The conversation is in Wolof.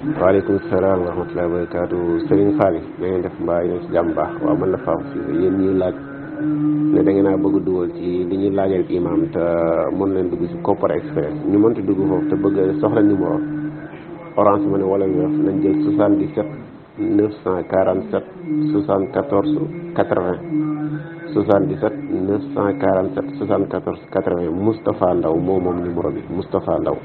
waaleykum salaam wa rahmatulah wa barakaatu Serigne Fall def mbaa yéen ci jàmm baax waaw man la Fap yéen ñuy laaj ne da ngeen a bëgg dugal ci li ñu laajal imam te mën leen dugg ci Kopar Express ñu mënti dugg foofu te bëgg soxla numéro orange ma ne wala weef nañ jël 77 947 74 80 77 947 74 80 Moustapha Ndaw moo moom numéro bi Moustapha Ndaw.